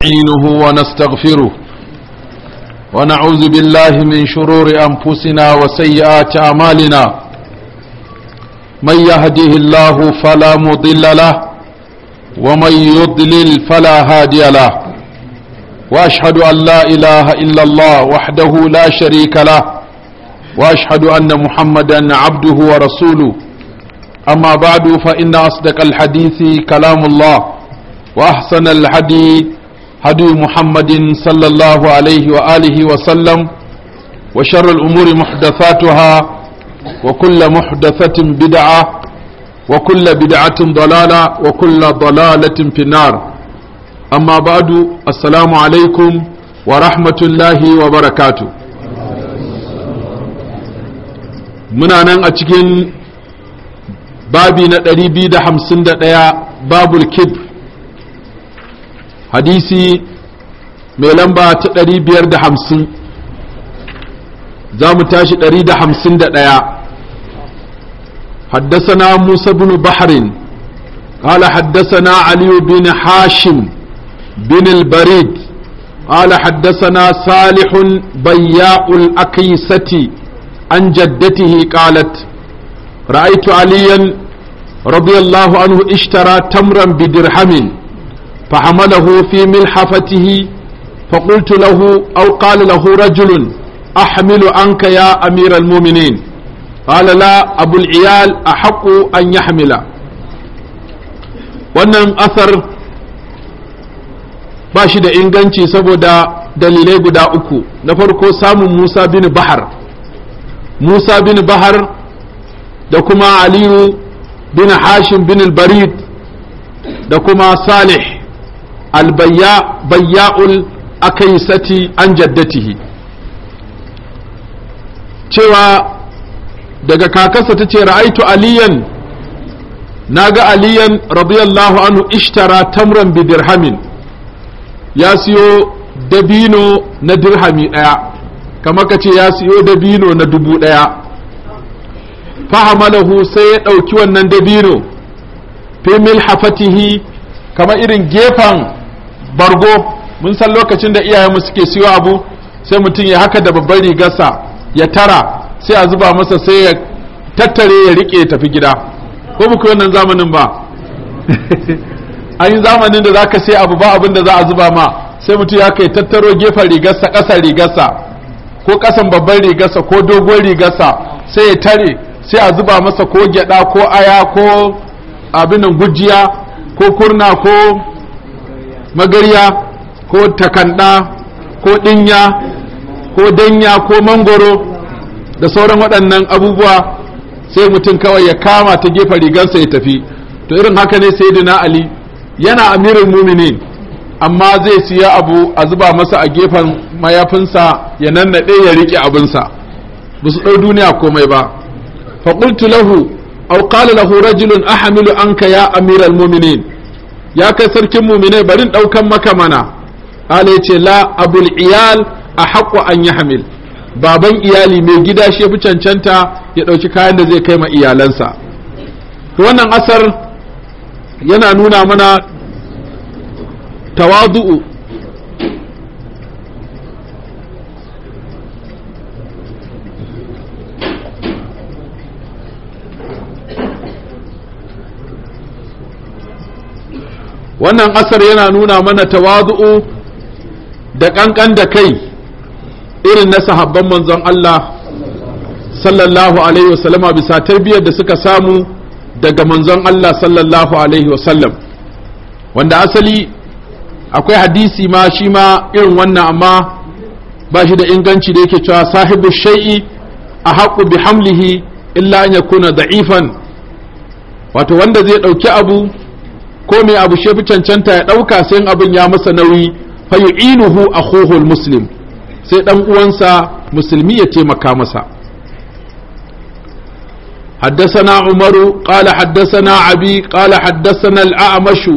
نستعينه ونستغفره ونعوذ بالله من شرور أنفسنا وسيئات أعمالنا من يهده الله فلا مضل له ومن يضلل فلا هادي له وأشهد أن لا إله إلا الله وحده لا شريك له وأشهد أن محمدا عبده ورسوله أما بعد فإن أصدق الحديث كلام الله وأحسن الحديث هدي محمد صلى الله عليه وآله وسلم وشر الأمور محدثاتها وكل محدثة بدعة وكل بدعة ضلالة وكل ضلالة في النار أما بعد السلام عليكم ورحمة الله وبركاته muna nan a cikin babi na 251 babul kib hadisi mai lamba ta 550 za mu tashi 151 حدثنا موسى بن بحر قال حدثنا علي بن حاشم بن البريد قال حدثنا صالح بياء الأقيسة عن جدته قالت رأيت عليا رضي الله عنه اشترى تمرا بدرهم فحمله في ملحفته فقلت له أو قال له رجل أحمل عنك يا أمير المؤمنين قال لا أبو العيال أحق أن يحمل wannan asar ba shi da inganci saboda dalilai guda uku na farko samun musa bin bahar musa bin bahar da kuma aliyu bin hashim bin barid da kuma salih albayya bayya'ul akaisati an jaddatihi cewa daga kakarsa ta ce ra'aitu aliyan na ga aliyan radiyallahu anhu ishtara tamran bi dirhamin ya siyo dabino na dirhami ɗaya kamar ka ce ya siyo dabino na dubu ɗaya fahamalahu sai ya ɗauki wannan dabino fi milhafatihi kamar irin gefen bargo mun san lokacin da iyayen mu suke siyo abu sai mutum ya haka da babbar rigarsa ya tara sai a zuba masa sai ya tattare ya rike tafi gida ko muku wannan zamanin ba an yi zamanin da zaka sai abu ba abin da za a zuba ma sai mutum ya kai tattaro gefen rigarsa ƙasa rigarsa ko ƙasan babban rigarsa ko dogon rigarsa sai ya tare sai a zuba masa ko gyada ko aya ko abinan gujiya ko kurna ko magarya ko takanda ko dinya ko danya ko mangoro da sauran waɗannan abubuwa sai mutum kawai ya kama ta gefa rigansa ya tafi to irin haka ne sayyidina ali yana amirin muminin amma zai siya abu a zuba masa a gefen mayafinsa ya nannaɗe ya riƙe abinsa ba su ɗau duniya komai ba faƙultu lahu aw qala lahu rajulun ahamilu anka ya amiral muminin ya kai sarkin muminai barin ɗaukan maka mana ala ya ce la abul iyal a haƙo an yi hamil baban iyali mai gida shi ya fi cancanta ya ɗauki kayan da zai kai ma iyalansa wannan asar yana nuna mana tawadu'u wannan asar yana nuna mana tawazu'u da kankan da kai irin na sahabban manzon Allah sallallahu alaihi wasallama bisa tarbiyyar da suka samu daga manzon Allah sallallahu alaihi wasallam wanda asali akwai hadisi ma shi ma irin wannan amma ba shi da inganci da yake cewa sahibu shai'i a haƙu bi hamlihi illa an yakuna da'ifan wato wanda zai ɗauki abu ko mai abu shefi cancanta ya ɗauka sai abin ya masa nauyi fayu'inuhu akhuhul muslim sai dan uwansa musulmi ya taimaka masa حدثنا عمر قال حدثنا عبي قال حدثنا الأعمش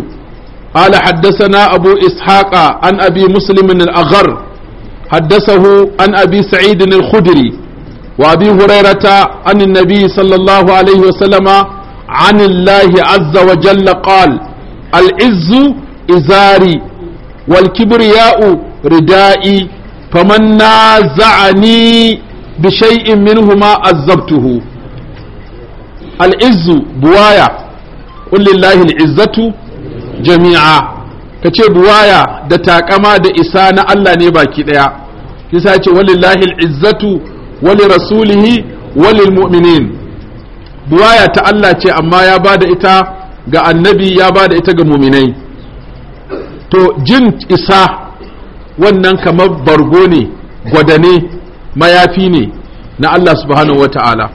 قال حدثنا أبو إسحاق عن أبي مسلم الأغر حدثه عن أبي سعيد الخدري وأبي هريرة عن النبي صلى الله عليه وسلم عن الله عز وجل قال al'izzu izari wal kibriya'u rida'i faman naza'ani bi shay'in minhuma azzabtuhu al'izzu buwaya qul lillahi al'izzatu jami'a kace buwaya da taƙama da isa na Allah ne baki ɗaya. yasa ce walillahi al'izzatu wali rasulihi walil mu'minin buwaya ta Allah ce amma ya ba da ita ga annabi ya ba da ita ga muminai to jin isa wannan kamar bargo ne gwadane mayafi ne na Allah subhanahu wa ta'ala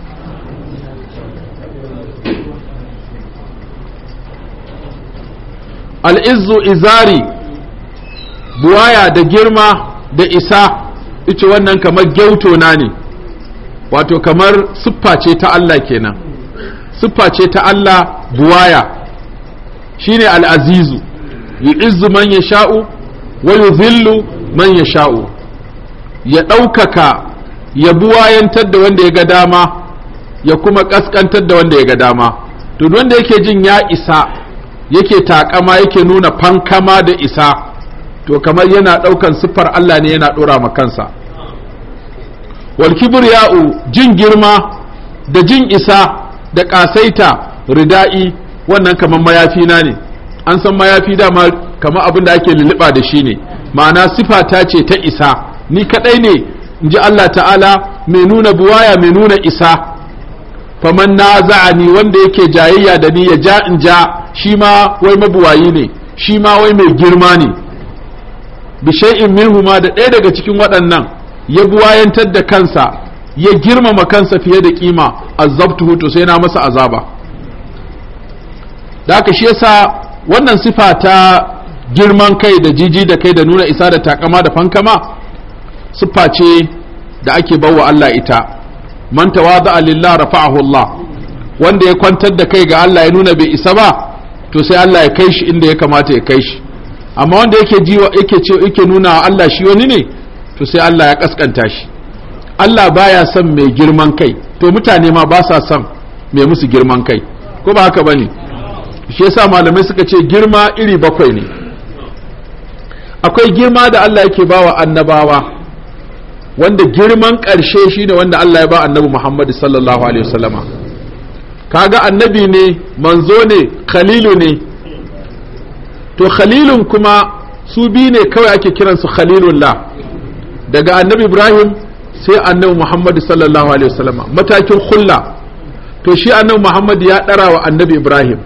al'izzu izari buwaya da girma da isa ita wannan kamar gyautona ne wato kamar siffa ce ta Allah kenan siffa ce ta Allah buwaya shine al'azizu yu'izzu man ya sha'u wa yuzillu man ya sha'u ya ɗaukaka ya buwayantar da wanda ya ga dama ya kuma ƙasƙantar da wanda ya ga dama to wanda yake jin ya isa yake taƙama yake nuna fankama da isa to kamar yana ɗaukan siffar Allah ne yana ɗora ma kansa wal kibriya'u jin girma da jin isa da kasaita rida'i wannan kamar mayafi na ne an san mayafi dama kamar abin da ake liliba da shi ne ma'ana sifa ta ce ta isa ni kaɗai ne in ji Allah ta'ala mai nuna buwaya mai nuna isa faman na ni wanda yake jayayya da ni ya ja in ja shi ma wai mabuwayi ne shi ma wai mai girma ne bishai'in minhu ma da ɗaya daga cikin waɗannan ya buwayantar da kansa ya girmama kansa fiye da kima azabtuhu to sai na masa azaba da ka shi yasa wannan sifa ta girman kai da jiji da kai da nuna isa da takama da fankama siffa ce da ake bawa Allah ita man tawada'a lillah rafa'ahu Allah wanda ya kwantar da kai ga Allah ya nuna bai isa ba to sai Allah ya kai shi inda ya kamata ya kai shi amma wanda yake jiwa yake ce yake nuna Allah shi wani ne to sai Allah ya kaskanta shi Allah baya son mai girman kai to mutane ma ba sa son mai musu girman kai ko ba haka bane shi yasa malamai suka ce girma iri bakwai ne akwai girma da Allah yake bawa annabawa wanda girman ƙarshe shine wanda Allah ya ba annabi Muhammad sallallahu alaihi wasallama kaga annabi ne manzo ne khalilu ne to khalilun kuma su bi ne kawai ake kiransu khalilullah daga annabi Ibrahim sai annabi muhammadu sallallahu alaihi wasallama matakin hulla to shi annabi muhammadu ya ɗara wa annabi ibrahim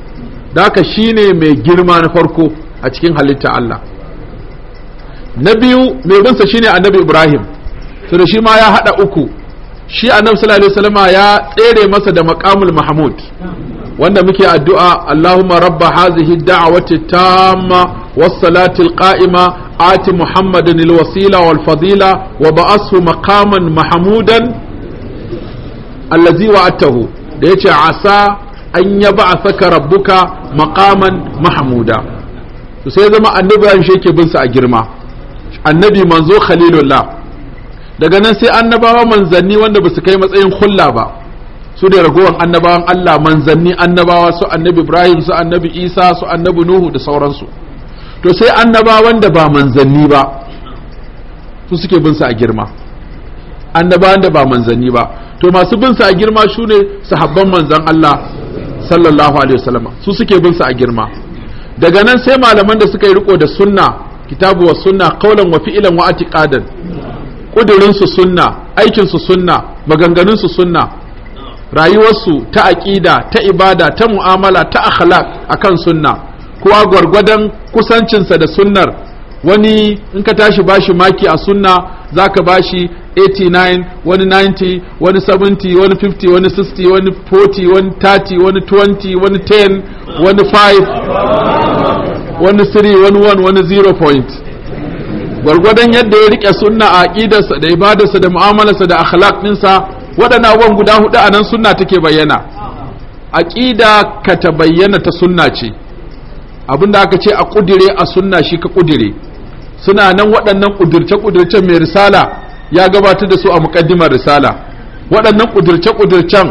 da haka shine mai girma na farko a cikin halitta allah na biyu mai binsa shine annabi ibrahim to da shi ma ya haɗa uku shi annabi sallallahu alaihi wasallama ya tsere masa da maqamul mahmud wanda muke addu'a Allahumma rabba hazihi da'awati tamma was salati qa'ima آت محمدا الوسيلة والفضيلة وبعثه مقاما محمودا الذي وعدته ليش عسى أن يبعثك ربك مقاما محمودا سيزم النبي أن شيك بنس أجرما النبي منزو خليل الله daga nan sai annabawa manzanni wanda basu kai matsayin hulla ba su da ragowar annabawan Allah manzanni annabawa su annabi Ibrahim su annabi Isa su annabi Nuhu da sauransu to sai annabawan da ba manzanni ba su suke bin sa a girma annabawan da ba manzanni ba to masu bin sa a girma su ne sahabban manzan Allah sallallahu alaihi wasallam su suke bin sa a girma daga nan sai malaman da suka yi riko da sunna kitabu wa sunna qawlan wa fi'lan wa i'tiqadan kudurin su sunna aikin su sunna maganganun su sunna rayuwarsu ta aqida ta ibada ta mu'amala ta akhlaq akan sunna kowa gwargwadon kusancinsa da sunnar wani in ka tashi bashi maki a sunna za ka bashi 89 wani 90 wani 70 wani 50 wani 60 wani 40 wani 30 wani 20 wani 10 wani 5 wani 3 wani 1 wani 0 point gwargwadon yadda ya rike sunna a aƙidarsa da ibadarsa da mu'amalarsa da akhlaq ɗinsa waɗanda abubuwan guda hudu a nan sunna take bayyana aƙida ka ta bayyana ta sunna ce abinda aka ce a kudire a sunna shi ka kudire suna nan waɗannan kudirce-kudirce mai risala ya gabatar da su a muƙaddimar risala waɗannan kudirce-kudircen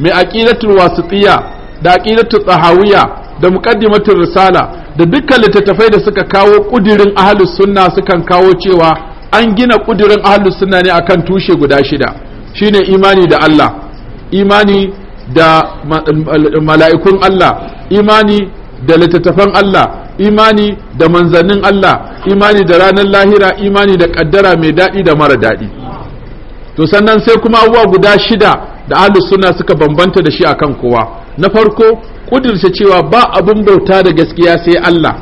mai wasu wasitiya da aqidatul tsahawiya da muƙaddimatul risala da dukkan littattafai da suka kawo kudirin ahlus sunna sukan kawo cewa an gina kudirin ahlus sunna ne akan tushe guda shida shine imani da Allah imani da mala'ikun Allah imani da littattafan Allah imani da manzannin Allah imani da ranar lahira imani da kaddara mai daɗi da mara daɗi to sannan sai kuma abubuwa guda shida da ahlus sunna suka bambanta da shi akan kowa na farko kudirce cewa ba abun bauta da gaskiya sai Allah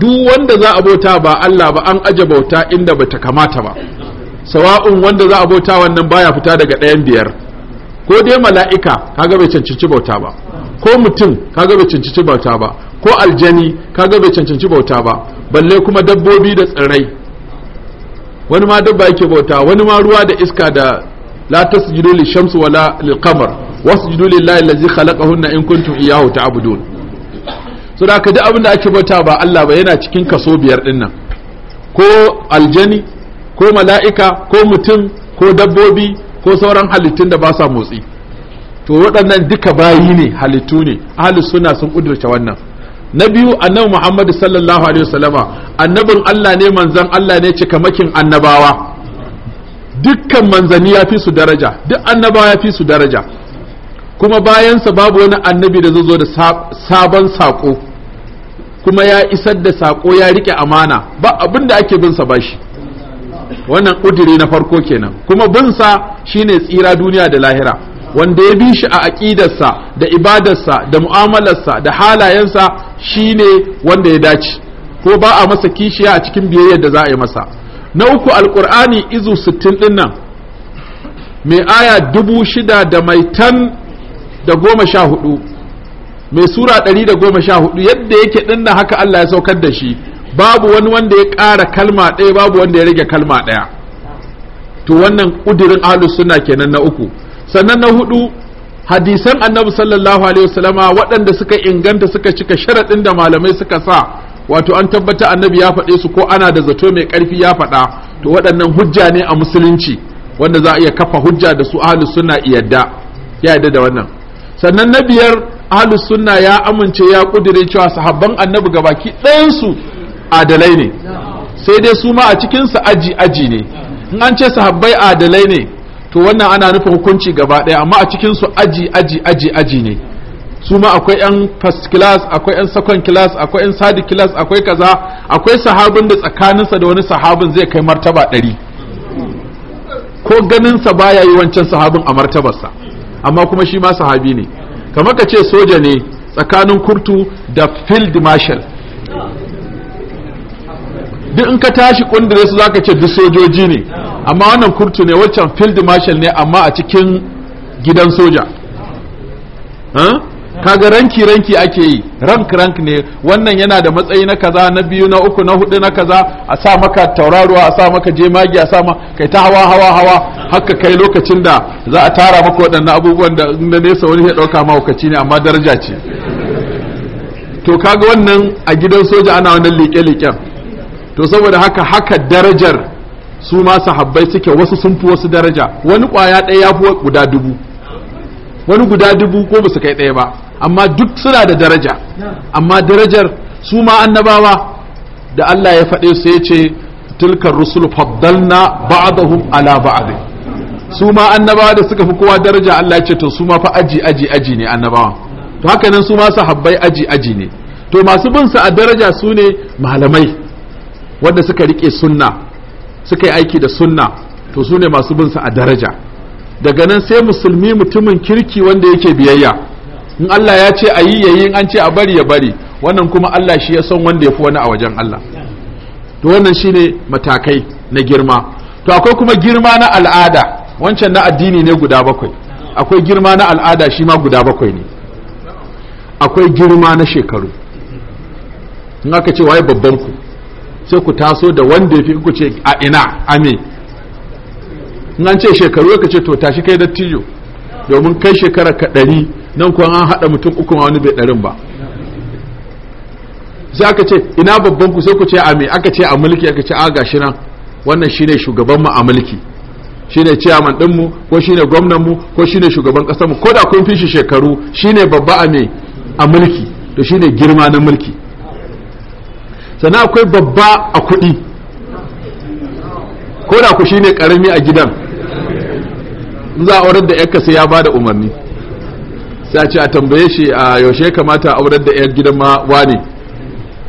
duk wanda za a bauta ba Allah ba an aje bauta inda bata kamata ba sawa'un wanda za a bauta wannan baya fita daga ɗayan biyar ko dai mala'ika kaga bai cancanci bauta ba ko mutum kaga bai cancanci bauta ba ko aljani kaga bai cancanci bauta ba balle kuma dabbobi da tsirrai wani ma dabba yake bauta wani ma ruwa da iska da la tasjudu lil shamsi wala lil qamar wasjudu lillahi allazi khalaqahunna in kuntum iyyahu ta'budun so da kaji abin da ake bauta ba Allah ba yana cikin kaso biyar din nan ko aljani ko mala'ika ko mutum ko dabbobi ko sauran halittun da ba sa motsi to waɗannan duka bayi ne halittu ne hali suna sun kudurce wannan na biyu annabi Muhammadu sallallahu alaihi wasallama annabin Allah ne manzan Allah ne cikamakin annabawa dukkan manzanni ya fi su daraja duk annabawa ya fi su daraja kuma bayansa babu wani annabi da zai zo da sabon sako kuma ya isar da sako ya rike amana ba abin da ake bin sa bashi wannan ƙudiri na farko kenan kuma binsa shine tsira duniya da lahira wanda ya bi shi a aƙidarsa da ibadarsa da mu'amalarsa da halayensa shine wanda ya dace ko ba a masa kishiya a cikin biyayyar da za a yi masa na uku alƙur'ani izu sittin din nan mai aya dubu shida da mai tan da goma sha hudu mai sura ɗari da goma sha hudu yadda yake dinna haka Allah ya saukar da shi babu wani wanda ya ƙara kalma ɗaya babu wanda ya rage kalma ɗaya to wannan ƙudirin ahlus sunna kenan na uku sannan na hudu hadisan annabi sallallahu alaihi wasallama waɗanda suka inganta suka cika sharaɗin da malamai suka sa wato an tabbata annabi ya faɗe su ko ana da zato mai ƙarfi ya faɗa to waɗannan hujja ne a musulunci wanda za a iya kafa hujja da su ahlus sunna iyadda ya yadda da wannan sannan na biyar ahlus sunna ya amince ya kudire cewa sahabban annabi ga gabaki ɗayansu adalai ne sai dai su ma a cikin su aji aji ne in an ce sahabbai adalai ne to wannan ana nufin hukunci gaba ɗaya amma a cikin su aji aji aji aji ne su ma akwai yan first class akwai yan second class akwai yan third class akwai kaza akwai sahabin da tsakaninsa da wani sahabin zai kai martaba ɗari ko ganinsa baya yi wancan sahabin a martabarsa amma kuma shi ma sahabi ne kamar ka ce soja ne tsakanin kurtu da field marshal duk in ka tashi kundure su zaka ce duk sojoji ne amma wannan kurtu ne waccan field marshal ne amma a cikin gidan soja kaga ranki ranki ake yi rank rank ne wannan yana da matsayi na kaza na biyu na uku na hudu na kaza a sa maka tauraruwa a sa maka jemagi a sa ma kai ta hawa hawa hawa haka kai lokacin da za a tara maka waɗannan abubuwan da na nesa wani ya ɗauka mahaukaci ne amma daraja ce to kaga wannan a gidan soja ana wannan leƙe-leƙen to saboda haka haka darajar su ma sahabbai suke wasu sun fi wasu daraja wani kwaya ɗaya ya fi guda dubu wani guda dubu ko ba su kai ɗaya ba amma duk suna da daraja amma darajar su ma annabawa da Allah ya faɗe su ya ce tilkar rusul faddalna ba'dahum ala ba'd su ma annabawa da suka fi kowa daraja Allah ya ce to su ma fa aji aji aji ne annabawa to haka nan su ma sahabbai aji aji ne to masu bin su a daraja su ne malamai wanda suka rike sunna suka yi aiki da sunna to su ne masu bin sa a daraja daga nan sai musulmi mutumin kirki wanda yake biyayya in Allah ya ce a yi yayi in an ce a bari ya bari wannan kuma Allah shi ya san wanda ya fi wani a wajen Allah to wannan shine matakai na girma to akwai kuma girma na al'ada wancan na addini ne guda bakwai akwai girma na al'ada shi ma guda bakwai ne akwai girma na shekaru in aka ce waye babban ku sai ku taso da wanda ya fi ku ce a ina ame in an ce shekaru ka ce to tashi kai dattijo domin kai shekara ka ɗari nan kuwa an haɗa mutum uku wani bai ɗarin ba sai aka ce ina babban ku sai ku ce a aka ce a mulki aka ce a shi nan wannan shine shugaban mu a mulki shine chairman din mu ko shine gwamnan mu ko shine shugaban kasar mu ko da kun fi shi shekaru shine babba a a mulki to shine girma na mulki sana akwai babba a kuɗi ko da ku shine karami a gidan in za a aurar da yarka sai ya bada umarni sai a ce a tambaye shi a yaushe kamata a aurar da yar gidan ma wane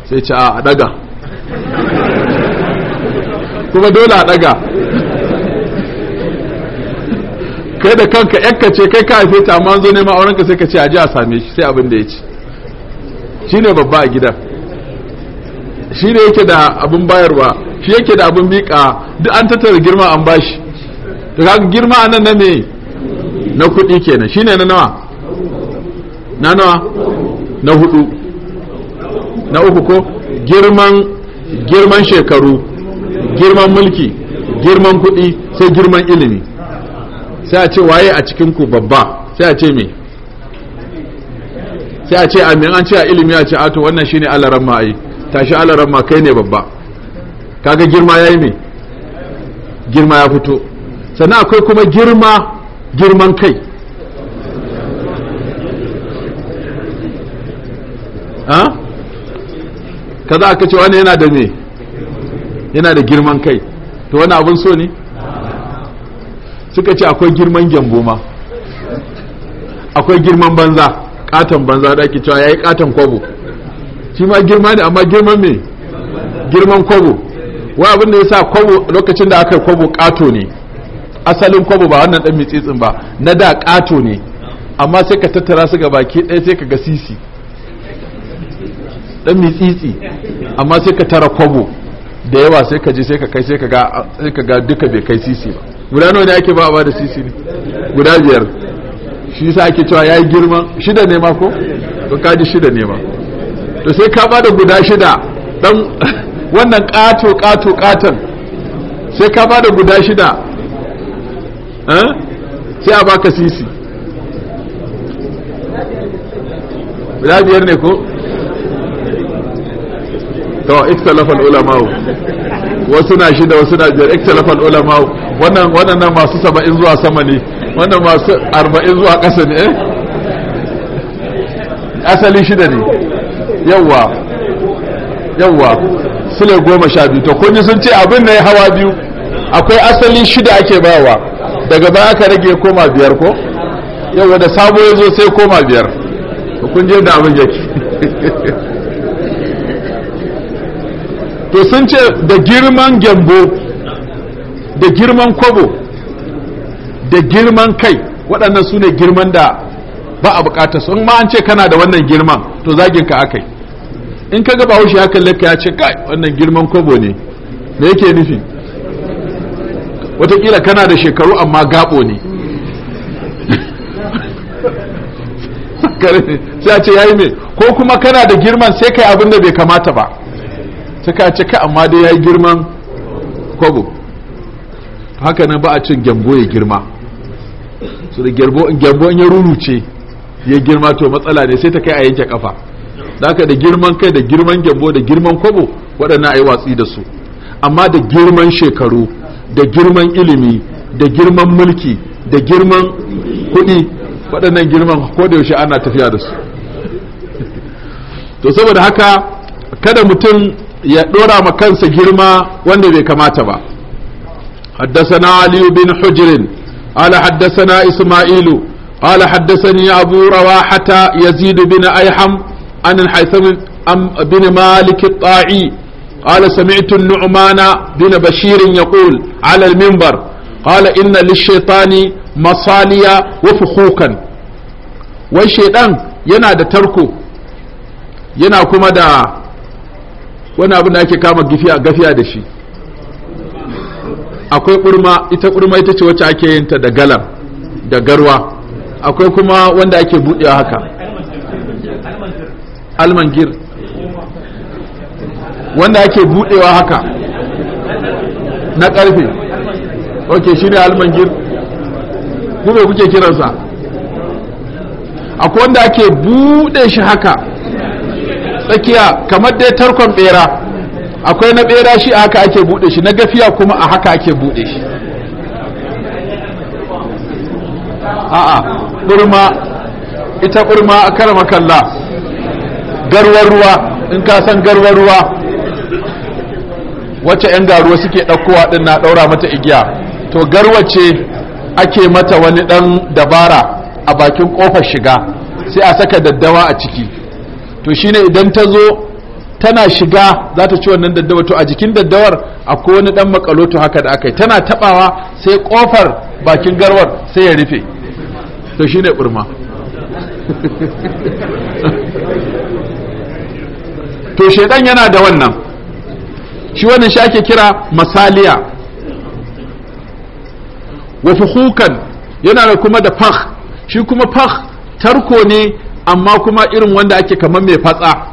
sai ce a daga kuma dole a daga kai da kanka yakka ce kai ka haife ta amma an zo neman aurenka sai ka ce a ji a same shi sai abin da ya ci shine babba a gidan shi ne yake da abin bayarwa shi yake da abin miƙa duk an tattara girma an bashi to kaga girma anan na me na kuɗi kenan ne na nawa na nawa na hudu na uku ko girman girman shekaru girman mulki girman kuɗi sai girman ilimi sai a ce waye a cikin ku babba sai a ce me sai a ce amin an ce a ilimi a ce ato wannan shine alaran ma'ai tashi alaran ma kai ne babba kaga girma yayi me girma ya fito sannan akwai kuma girma girman kai ha kaza aka ce wani yana da me yana da girman kai to wani abun so ne suka ce akwai girman gyambo ma akwai girman banza katon banza da ake cewa yayi katon kwabo shi ma girma ne amma girman me girman kwabo wa abin da ya sa kwabo lokacin da aka yi kwabo kato ne asalin kwabo ba wannan dan mitsitsin ba na da kato ne amma sai ka tattara su baki ɗaya sai ka ga sisi dan mitsitsi amma sai ka tara kwabo da yawa sai ka je sai ka kai sai ka ga sai ka ga duka bai kai sisi ba guda nawa ne ake ba ba da sisi ne guda biyar shi yasa ake cewa yayi girma shida ne ma ko ka kaji shida ne ma to sai ka bada guda shida dan wannan kato kato katon sai ka bada guda shida eh? sai a baka sisi guda biyar ne ko to ikhtalafa ulama wasu na shida wasu na biyar ikhtalafa ulama wannan wannan masu 70 zuwa sama ne wannan masu 40 zuwa ƙasa ne eh asali shida ne yawwa yawwa sule goma sha biyu to kun ji sun ce abin na ya hawa biyu akwai asali shida ake bawa daga baya aka rage koma biyar ko yawwa da sabo ya zo sai koma biyar kun je da abin yake to sun ce da girman gyambo da girman kwabo da girman kai waɗannan su ne girman da ba a su in ma an ce kana da wannan girman to zagin ka akai in ka gaba bahaushe ya kalle ka ya ce kai wannan girman kobo ne me yake nufi watakila kana da shekaru amma gabo ne sai a ce ya yi me ko kuma kana da girman sai kai abin da bai kamata ba sai ka ce kai amma dai yi girman kobo haka nan ba a cin gyambo ya girma su da gyambo in ya ruruce ya girma to matsala ne sai ta kai a yanke kafa da haka da girman kai da girman gyambo da girman kwabo waɗannan a yi watsi da su amma da girman shekaru da girman ilimi da girman mulki da girman kuɗi waɗannan girman ko da yaushe ana tafiya da su to saboda haka kada mutum ya ɗora ma kansa girma wanda bai kamata ba حدثنا علي بن حجر قال حدثنا إسماعيل قال حدثني أبو رواحة يزيد بن أيحم عن الحيثم بن مالك الطاعي قال سمعت النعمان بن بشير يقول على المنبر قال إن للشيطان مصاليا وفخوكا والشيطان yana da tarko yana kuma da wani abin da ake kama gafiya da shi akwai ita kurma ita ce wacce ake yin da galar da garwa akwai kuma wanda ake buɗewa haka almangir wanda ake budewa haka na karfe ok shi ne almangir kuma kuke kiransa akwai wanda ake bude shi haka tsakiya kamar dai tarkon bera akwai na bera shi a haka ake bude shi na gafiya kuma a haka ake bude shi a'a Ƙurma, ita ƙurma a makalla. garwar ruwa in ka san garwar ruwa wacce 'yan garuwa suke ɗaukowa ɗin na ɗaura mata igiya to ce ake mata wani ɗan dabara a bakin ƙofar shiga sai a saka daddawa a ciki to shine idan ta zo tana shiga za ta ci wannan daddawa to a jikin daddawar akwai wani ɗan makaloto haka da aka yi tana taɓawa sai ƙofar bakin garwar sai ya rufe to shine ɓurma to shaidan yana da wannan shi wannan shi ake kira masaliya wa fuhukan yana da kuma da fakh shi kuma fakh tarko ne amma kuma irin wanda ake kamar mai fatsa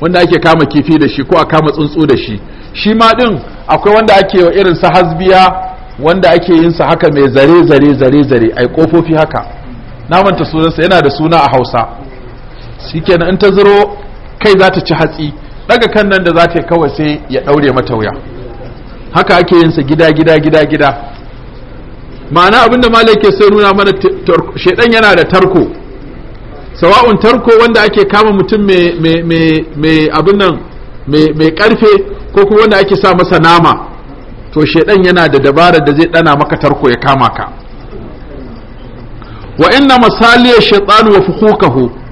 wanda ake kama kifi da shi ko a kama tsuntsu da shi shi ma din akwai wanda ake wa irin sa hasbiya wanda ake yin sa haka mai zare zare zare zare ai kofofi haka namanta sunansa yana da suna a hausa shikenan in ta zuro kai za ta ci hatsi daga kan nan da za ta kawai sai ya daure mata wuya haka ake yinsa gida gida gida gida ma'ana abinda malai ke sai nuna mana shaidan yana da tarko sawa'un tarko wanda ake kama mutum mai abin nan mai karfe ko kuma wanda ake sa masa nama to shaidan yana da dabarar da zai dana maka tarko ya kama ka wa inna masaliya shaitanu wa fukukahu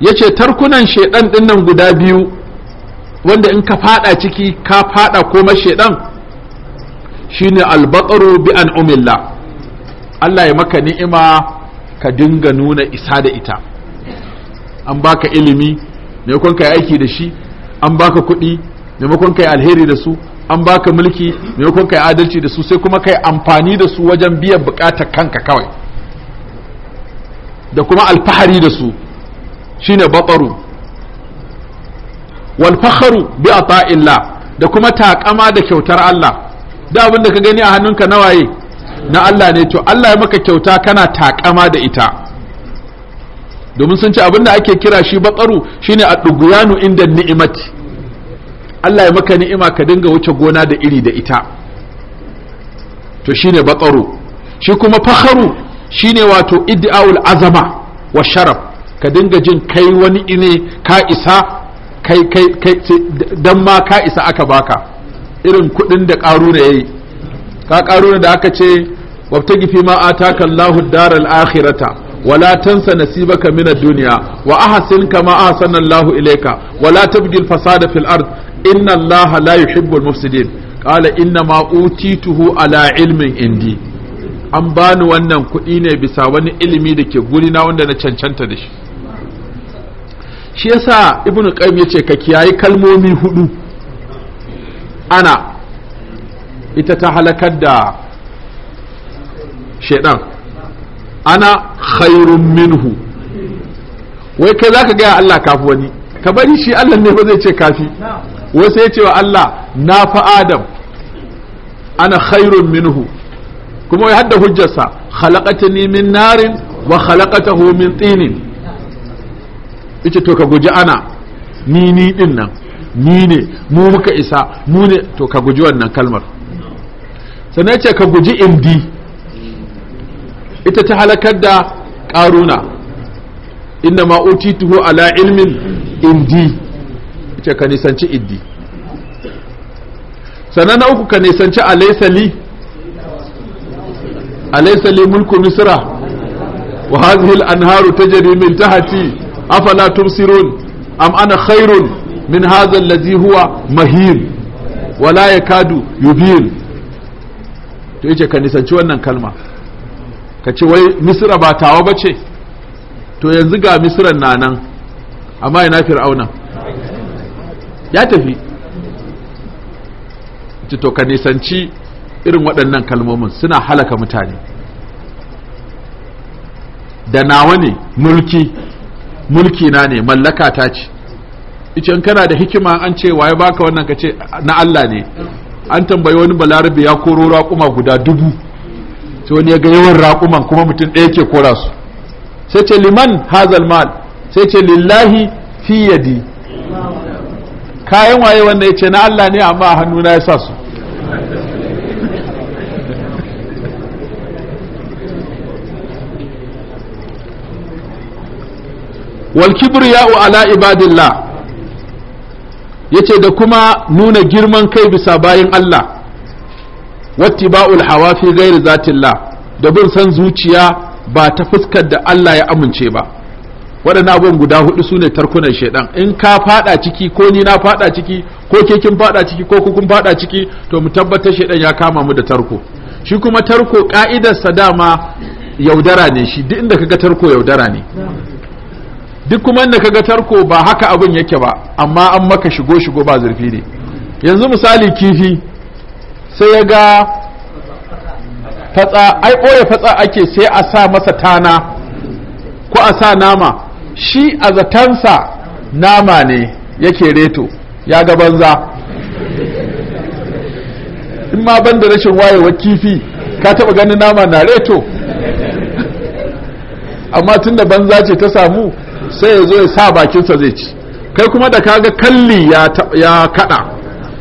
yace tarkunan shedan din nan guda biyu wanda in ka fada ciki ka fada koma shedan shine albaqaru bi an umilla Allah ya maka ni'ima ka dinga nuna isa da ita an baka ilimi maimakon ka yi aiki da shi an baka kuɗi maimakon ka yi alheri da su an baka mulki maimakon ka yi adalci da su sai kuma ka yi amfani da su wajen biyan bukatar kanka kawai da kuma alfahari da su shine bataru wal fakharu bi ata'illah da kuma taƙama da kyautar Allah da abin da ka gani a hannunka na waye na Allah ne to Allah ya maka kyauta kana taƙama da ita domin sun ce abin da ake kira shi batsaru shine a duguyanu inda ni'imati Allah ya maka ni'ima ka dinga wuce gona da iri da ita to shine batsaru shi kuma fakharu shine wato idda'ul azama wa sharaf ka dinga jin kai wani ne ka isa kai kai kai dan ma ka isa aka baka irin kuɗin da karu da yayi ka karu da aka ce wabtagi fi ma ataka Allahu daral akhirata wala tansa nasibaka mina duniya. dunya wa ahsin kama ahsana Allahu wala tabghi fasada fil ard inna Allah la yuhibbu al-mufsidin qala inna ma utituhu ala ilmin indi an bani wannan kuɗi ne bisa wani ilimi da ke guri na wanda na cancanta da shi shi yasa ibnu qayyim yace ka kiyayi kalmomi hudu ana ita ta halakar da shaidan ana khairun minhu wai kai zaka gaya Allah kafi wani ka bari shi Allah ne ba zai ce kafi wai sai ce wa Allah na fa adam ana khairun minhu kuma wai hadda hujjarsa khalaqatani min narin wa khalaqatahu min tinin yace to ka guji ana ni ni din nan ni ne mu muka isa mu ne to ka guji wannan kalmar sannan yace ka guji indi ita ta halakar da karuna inda ma utituhu ala ilmin indi yace ka nisanci indi sannan na uku ka nisanci alaisali alaisali mulku misra wa hadhihi al-anharu tajri min tahti afala tumsirun am ana khairun min hadha alladhi huwa mahin wala yakadu yubin to yace ka nisanci wannan kalma ka ce wai misra ba tawa bace to yanzu ga misran na nan amma ina fir'auna ya tafi ce to ka nisanci irin waɗannan kalmomin suna halaka mutane da nawa ne mulki mulki na ne mallaka ta ce ice in kana da hikima an ce waye baka wannan ka ce na Allah ne an tambayi wani balarabe ya koro raƙuma guda dubu sai wani ya ga yawan raƙuman kuma mutum ɗaya ke kora su sai ce liman hazal mal sai ce lillahi fi yadi kayan waye wannan ya ce na Allah ne amma a na ya sa su wal ya'u ala ibadillah yace da kuma nuna girman kai bisa bayan Allah wattiba'ul hawa fi ghairi zatillah da bin san zuciya ba ta fuskar da Allah ya amince ba waɗannan abubuwan guda hudu su ne tarkunan shaidan in ka fada ciki ko ni na fada ciki ko ke kin fada ciki ko ku kun fada ciki to mu tabbatar shaidan ya kama mu da tarko shi kuma tarko ka'idarsa dama yaudara ne shi duk inda kaga tarko yaudara ne duk kuma inda kaga tarko ba haka abin yake ba amma an maka shigo shigo ba zurfi ne yanzu misali kifi sai ya ga fatsa ai ɓoye fatsa ake sai a sa masa tana ko a sa nama shi a zatansa nama ne yake reto ya ga banza in ma ban da rashin wayewa kifi ka taba ganin nama na reto amma tun da banza ce ta samu sai ya zo ya sa bakinsa zai ci kai kuma da kaga kalli ya kada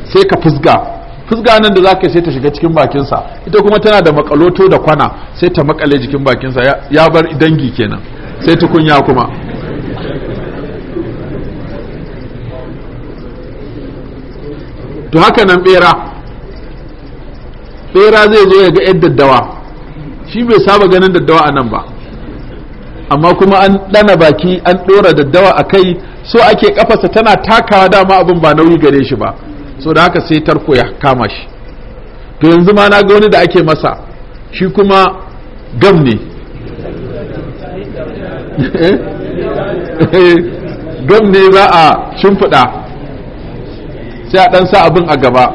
sai ka fusga fusga nan da zaka sai ta shiga cikin bakinsa ita kuma tana da makaloto da kwana sai ta makale jikin bakinsa ya bar dangi kenan sai tukunya kuma to haka nan bera bera zai zo ya ga yadda daddawa shi bai saba ganin daddawa a nan ba amma kuma an ɗana baki an ɗora daddawa a kai so ake kafarsa tana takawa dama abin ba nauyi gare shi ba so da haka sai tarko ya kama shi to yanzu ma na ga wani da ake masa shi kuma gam ne eh? gam ne za a shimfiɗa sai a ɗan sa abin a gaba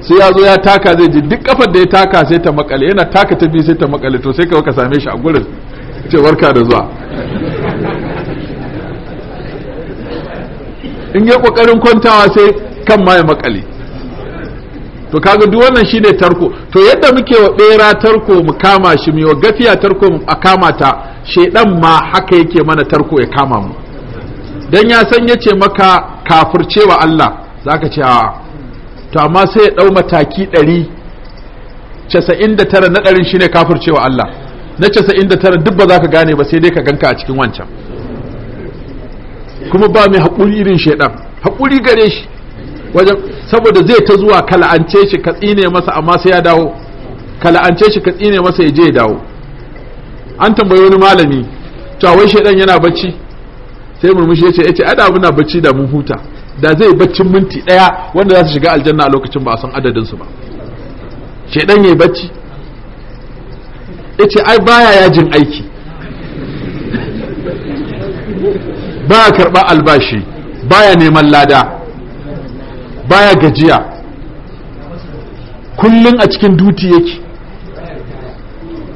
sai ya zo ya taka zai ji duk kafar da ya taka sai ta makale yana taka ta biyu sai ta makale to sai ka same shi a gurin ce warka da zuwa in yi kokarin kwantawa sai kan ma ya makale to kaga duk wannan shine tarko to yadda muke wa bera tarko mu kama shi mu wa gafiya tarko mu a kama ta shedan ma haka yake mana tarko ya kama mu dan ya san yace maka kafircewa Allah zaka ce a to amma sai ya dau mataki 100 99 na ɗarin shine kafircewa Allah na casa'in da tara duk ba za ka gane ba sai dai ka ganka a cikin wancan kuma ba mai haƙuri irin shaidan haƙuri gare shi wajen saboda zai ta zuwa kala'ance shi ka tsine masa amma sai ya dawo kala'ance shi ka tsine masa ya je ya dawo an tambayi wani malami to wai shaidan yana bacci sai murmushi yace yace ada muna bacci da mun huta da zai baccin minti daya wanda za su shiga aljanna a lokacin ba a san adadin su ba shaidan yayi bacci ya ce ai baya yajin aiki baya karɓa albashi baya neman lada baya gajiya kullum a cikin duti yake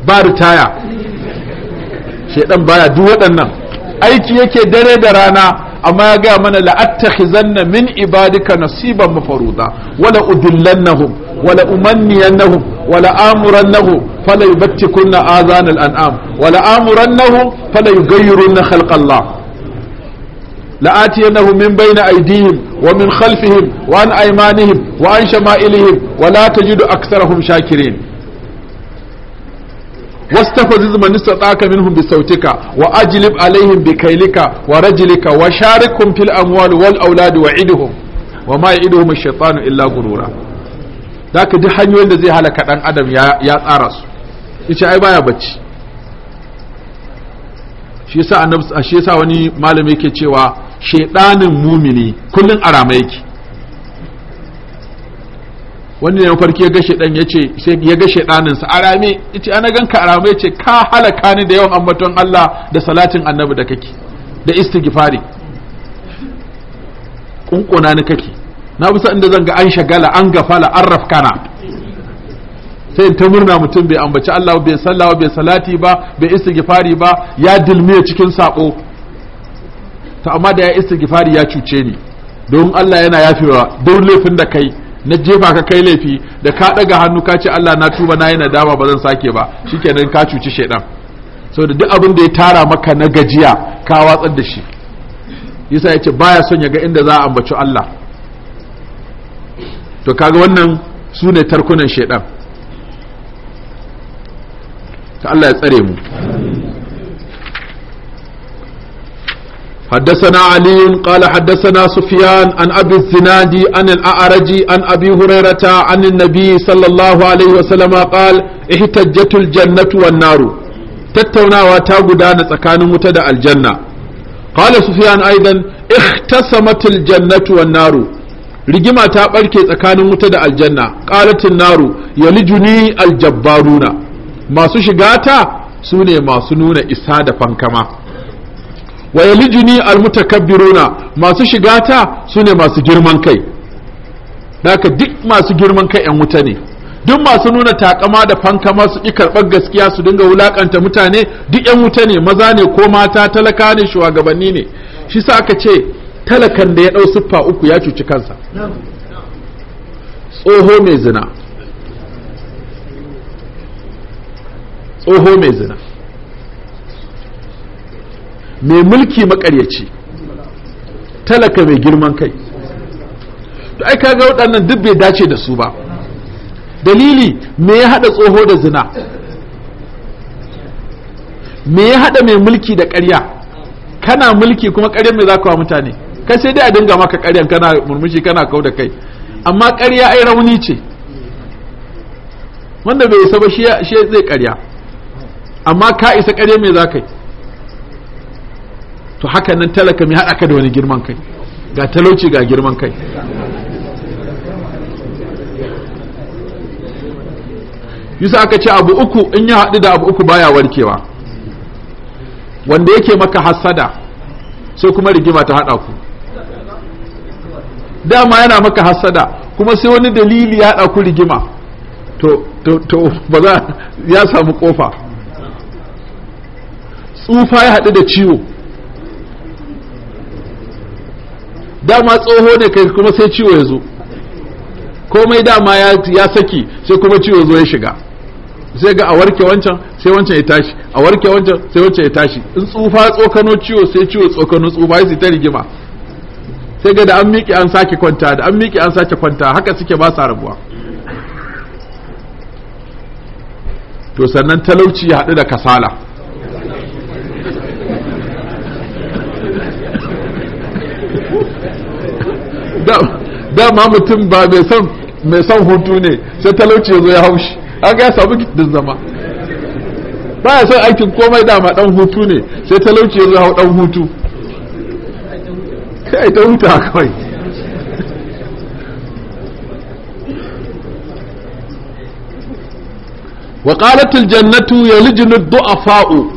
ba ritaya shaidan baya duk waɗannan aiki yake dare da rana amma ya gaya mana la'attakhizanna min ibadika nasiban mafaruda wala udillannahum أنه فلا يبتكن آذان الأنعام فلا يغيرن خلق الله لآتينهم من بين أيديهم ومن خلفهم وعن أيمانهم وعن شمائلهم ولا تجد أكثرهم شاكرين واستفزز من استطاعك منهم بصوتك وأجلب عليهم بكيلك ورجلك وشاركهم في الأموال والأولاد وعدهم وما يعدهم الشيطان إلا غرورا za ka ji hanyoyin da zai halaka ɗan adam ya tsara su yace ai baya bacci shi yasa annabi shi yasa wani malami yake cewa shedanin mumini kullun arama yake wani ne farki ya ga shedan yace sai ya ga shedanin sa arame yace ana ganka arame yace ka halaka ni da yawan ambaton Allah da salatin annabi da kake da istighfari kunkuna ni kake na bisa inda zan ga an shagala an gafala an rafkana sai ta murna mutum bai ambaci Allah bai sallawa bai salati ba bai istighfari ba ya dilmiye cikin sako to amma da ya istighfari ya cuce ni don Allah yana yafewa don laifin da kai na jefa ka kai laifi da ka daga hannu ka ce Allah na tuba na yi nadama ba zan sake ba shikenan ka cuci shedan saboda duk abin da ya tara maka na gajiya ka watsar da shi yasa yace baya son ya ga inda za a ambaci Allah to kaga wannan su ne tarkunan shaidan ta Allah ya tsare mu حدثنا علي قال حدثنا سفيان عن أبي الزناد عن الأعرج عن أبي هريرة عن النبي صلى الله عليه وسلم قال احتجت الجنة والنار تتونا وتاغدان سكان متدى الجنة قال سفيان أيضا اختصمت الجنة والنار rigima ta barke tsakanin wuta da aljanna qalatin naru yalijuni aljabbaruna masu shiga ta su masu nuna isa da fankama wa yalijuni almutakabbiruna masu shiga ta su masu girman kai Daka duk masu girman kai yan wuta ne duk masu nuna takama da fankama su ƙi karɓar gaskiya su dinga wulakanta mutane duk yan wuta ne maza ne ko mata talaka ne shugabanni ne shi sa aka ce talakan da ya ɗau siffa uku ya cuci kansa tsoho mai zina tsoho mai zina mai mulki makaryaci talaka mai girman kai to ai kaga waɗannan duk bai dace da su ba dalili me ya haɗa tsoho da zina me ya haɗa mai mulki da ƙarya kana mulki kuma ƙarya mai za ka wa mutane kai sai dai a dinga maka karyan kana murmushi kana kau da kai amma ƙarya ai rauni ce wanda bai isa ba shi zai ƙarya amma ka isa ƙarya mai za ka yi to haka nan talaka mai haɗa ka da wani girman kai ga talauci ga girman kai yusa aka ce abu uku in ya haɗu da abu uku baya warkewa wanda yake maka hasada sai kuma rigima ta haɗa ku dama yana maka hasada kuma sai wani dalili ya ɗaku rigima to to to ba za ya samu kofa tsufa ya haɗu da ciwo dama tsoho ne kai kuma sai ciwo ya zo komai dama ya saki sai kuma ciwo zo ya shiga sai ga a warke wancan sai wancan ya tashi a warke wancan sai wancan ya tashi in tsufa tsokano ciwo sai ciwo tsokano tsufa ya ta rigima sai ga da an miƙe an sake kwanta da an miƙe an sake kwanta haka suke ba sa rabuwa to sannan talauci ya haɗu da kasala dama mutum ba mai son hutu ne sai talauci ya zo ya haushi an ga ya samu gidan zama ba ya son aikin komai dama ɗan hutu ne sai talauci ya zo ya hau ɗan hutu sai a yi ta huta kawai wa jannatu yalijnu du'afa'u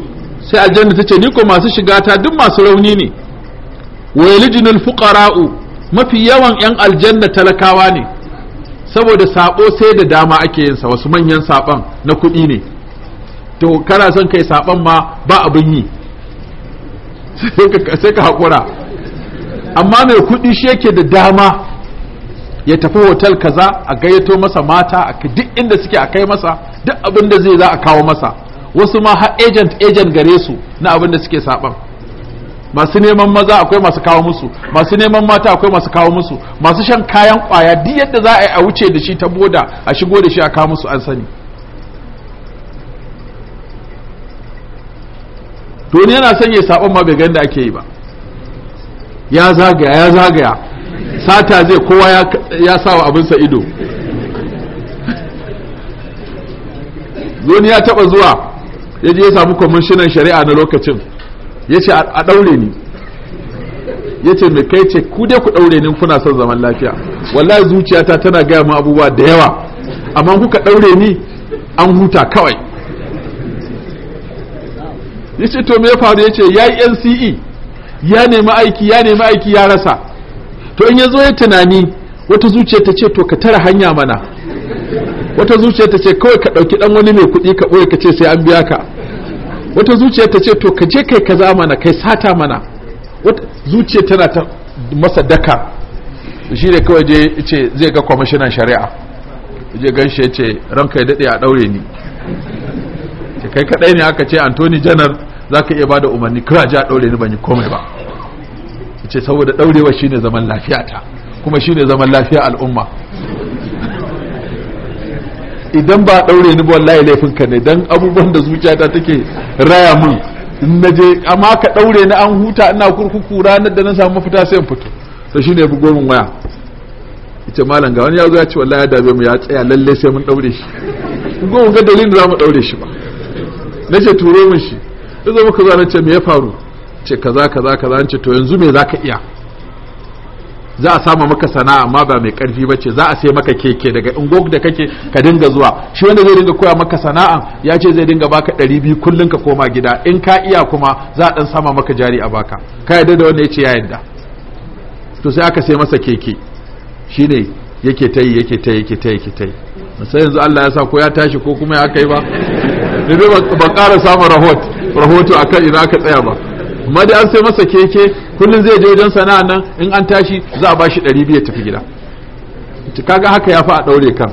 sai aljanna tace ni ko masu shiga ta duk masu rauni ne wa yalijnu alfuqara'u mafi yawan yan aljanna talakawa ne saboda sabo sai da dama ake yin sa wasu manyan saban na kuɗi ne to kana son kai saban ma ba abin yi sai ka hakura amma mai kudi shi yake da dama ya tafi hotel kaza a gayyato masa mata a duk inda suke a kai masa duk abin da zai za a kawo masa wasu ma har agent agent gare su na abin da suke saban masu neman maza akwai masu kawo musu masu neman mata akwai masu kawo musu masu shan kayan kwaya duk yadda za a yi a wuce da shi ta boda a shigo da shi a kawo musu an sani to yana son ya saban ma bai ga da ake yi ba ya zagaya ya zagaya sata zai kowa ya sawa abinsa ido zoni ya taba zuwa ya je ya samu kwamishinan shari'a na lokacin ya ce a ɗaure ni ya ce mai kai ce ku dai ku ɗaure ni kuna son zaman lafiya wallahi zuciyata tana gaya mu abubuwa da yawa amma kuka ɗaure ni an huta kawai ya ce to me ya faru ya ce ya yi nce ya nemi aiki ya nemi aiki ya rasa to in ya zo ya tunani wata zuciya ta ce to ka tara hanya mana wata zuciya ta ce kawai ka ɗauki ɗan wani mai kuɗi ka ɓoye ka ce sai an biya ka wata zuciya ta ce to ka je kai kaza mana kai sata mana wata zuciya tana ta masa daka shi ne kawai je ce zai ga kwamishinan shari'a je gan shi ya ce ranka ya daɗe a ɗaure ni kai kaɗai ne aka ce antoni janar za ka iya ba da umarni kira ji a ɗaure ni ban yi komai ba ce saboda ɗaurewa shine zaman lafiya ta kuma shine zaman lafiya al'umma idan ba ɗaure ni ba wallahi laifin ka ne dan abubuwan da zuciyata take raya mun in je amma ka ɗaure ni an huta ina kurkuku ranar da na samu mafita sai in fito to shine bi gomin waya ita malam ga wani ya zo ya ce wallahi ya dabe mu ya tsaya lalle sai mun ɗaure shi gomin ga dalilin da za mu ɗaure shi ba nace turo mun shi ya muka zuwa ce me ya faru ce kaza kaza kaza ce to yanzu me za ka iya za a sama maka sana'a amma ba mai karfi ba ce za a sai maka keke daga ingog da kake ka dinga zuwa shi wanda zai dinga koya maka sana'a ya ce zai dinga baka ɗari biyu kullum ka koma gida in ka iya kuma za a ɗan sama maka jari a baka ka yarda da wanda ya ce ya yarda to sai aka sai masa keke shine yake ta yi yake ta yake ta yake ta yi sai yanzu Allah ya sa ko ya tashi ko kuma ya kai ba ba ƙara samun rahot rahoto kan idan aka tsaya ba amma dai an sai masa keke kullum zai je wajen sana'a nan in an tashi za a bashi ɗari biyu tafi gida kaga haka ya fi a ɗaure kan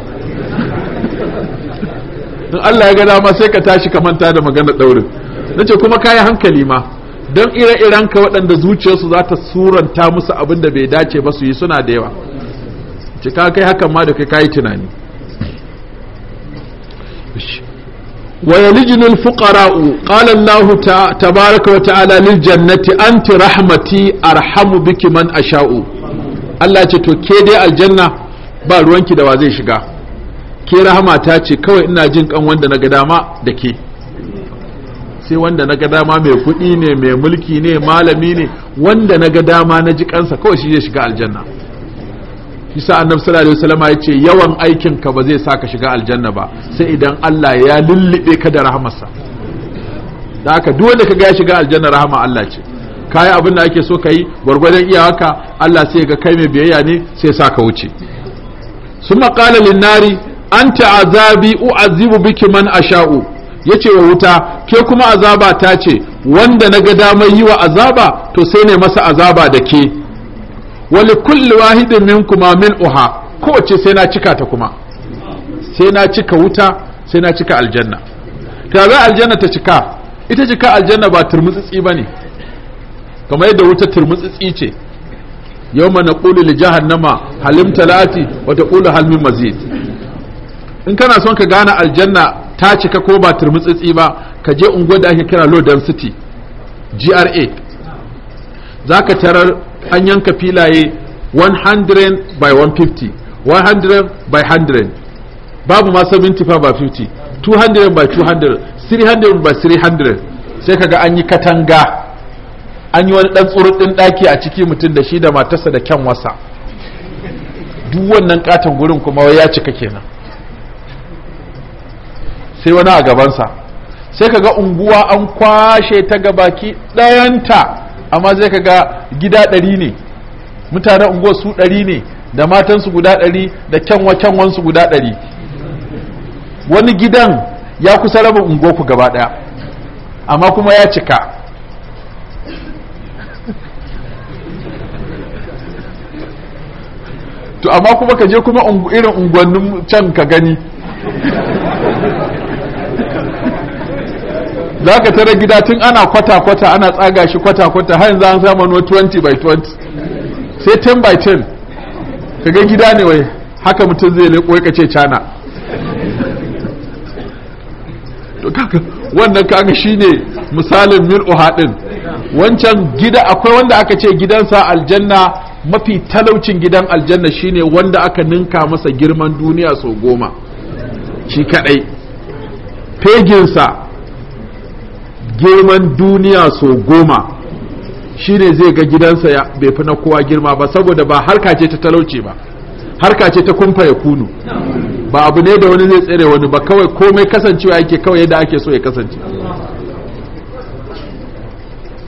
in Allah ya ga dama sai ka tashi ka manta da magana ɗaurin ce kuma kayi hankali ma don ire-iren ka waɗanda zuciyarsu za ta suranta musu abin da bai dace ba su yi suna da yawa cika kai hakan ma da kai kayi tunani ويلجن الفقراء قال الله تبارك وتعالى للجنة أنت رحمتي أرحم بك من أشاء الله ce dai aljanna ba ruwanki da wa zai shiga ke rahama ta ce kawai ina jin kan wanda na dama sai wanda na ga dama mai kuɗi ne mai mulki ne malami ne wanda na ga dama na ji kansa kawai shi zai shiga aljanna yasa annabi sallallahu alaihi wasallam ya ce yawan aikin ka ba zai saka shiga aljanna ba sai idan Allah ya lullube ka da rahamarsa da haka duk wanda kaga ya shiga aljanna rahama Allah ce kai abin da ake so kai gurgurdan iyawaka Allah sai ga kai mai biyayya ne sai sa ka wuce summa qala lin nari anta azabi u'azibu biki man asha'u yace wa wuta ke kuma azaba ta ce wanda naga damar yi wa azaba to sai ne masa azaba da ke wali kulli wahidin minkuma min uha kowace sai na cika ta kuma sai na cika wuta sai na cika aljanna ta za aljanna ta cika ita cika aljanna ba turmutsitsi ba ne kamar yadda wuta turmutsitsi ce yau mana li jahannama halim talati wata ƙuli halmin mazid in kana son ka gane aljanna ta cika ko ba turmutsitsi ba ka je unguwar da ake kira low density gra za ka tarar an yanka filaye 100 by 150 100 by 100 babu ma 75 by 50 200 by 200 300 by 300 sai kaga an yi katanga an yi wani dan tsurudin daki a ciki mutum da shi da matarsa da kyan wasa duk wannan katon gurin kuma ya cika kenan sai wani a gabansa sai kaga unguwa an kwashe ta gabaki ɗayanta amma zai ka ga gida ɗari ne mutanen unguwa su ɗari ne da matansu guda ɗari da kyanwa kyanwansu guda ɗari wani gidan ya kusa raba unguwa ku gaba ɗaya amma kuma ya cika to amma kuma ka je kuma irin unguwannin can ka gani za ka tara gida tun ana kwata-kwata ana tsaga shi kwata-kwata har yanzu an samu no 20 by 20 sai 10 by 10 kaga gida ne wai haka mutum zai leƙo ya ce cana to kaga wannan kaga shine misalin mil uhaɗin. wancan gida akwai wanda aka ce gidansa aljanna mafi talaucin gidan aljanna shine wanda aka ninka masa girman duniya sau goma shi kaɗai. feginsa girman duniya so goma shine zai ga gidansa bai fi na kowa girma ba saboda ba harka ce ta talauce ba harka ce ta kumfa ya kunu ba abu ne da wani zai tsere wani ba kawai komai kasancewa yake kawai yadda ake so ya kasance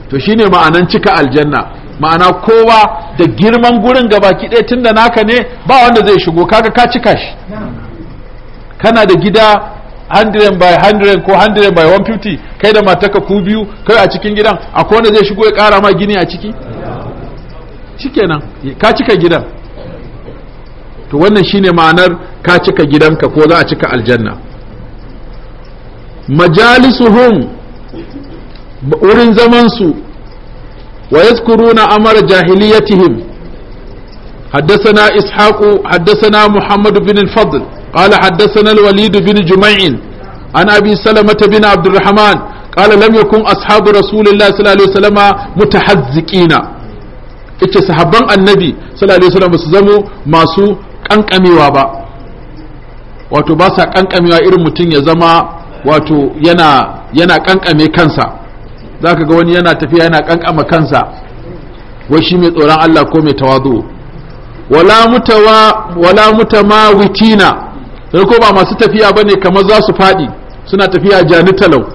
to shine ma'anan cika aljanna ma'ana kowa da girman gurin gabaki ɗaya tun da naka ne ba wanda zai shigo kaga ka cika shi kana da gida 100 by 100 ko 100 by 150 kai da mataka ku biyu kai a cikin gidan akwai wanda zai shigo ya kara ma gini a ciki shikenan ka cika gidan to wannan shine ma'anar ka cika gidanka ko za a cika aljanna majalisuhum wurin zamansu wa yadhkuruna amara jahiliyatihim حدثنا إسحاق حدثنا محمد بن الفضل قال حدثنا الوليد بن جميع عن أبي سلمة بن عبد الرحمن قال لم يكن أصحاب رسول الله صلى الله عليه وسلم متحزقين ita sahabban annabi sallallahu alaihi wasallam su zamo masu kankamewa ba wato ba sa kankamewa irin mutum ya zama wato yana yana kankame kansa zaka ga wani yana tafiya yana kankama kansa wai shi mai tsoron Allah ko mai tawadu wala mutawa wala mutamawitina sai ko ba masu tafiya bane kamar za su faɗi suna tafiya jani talau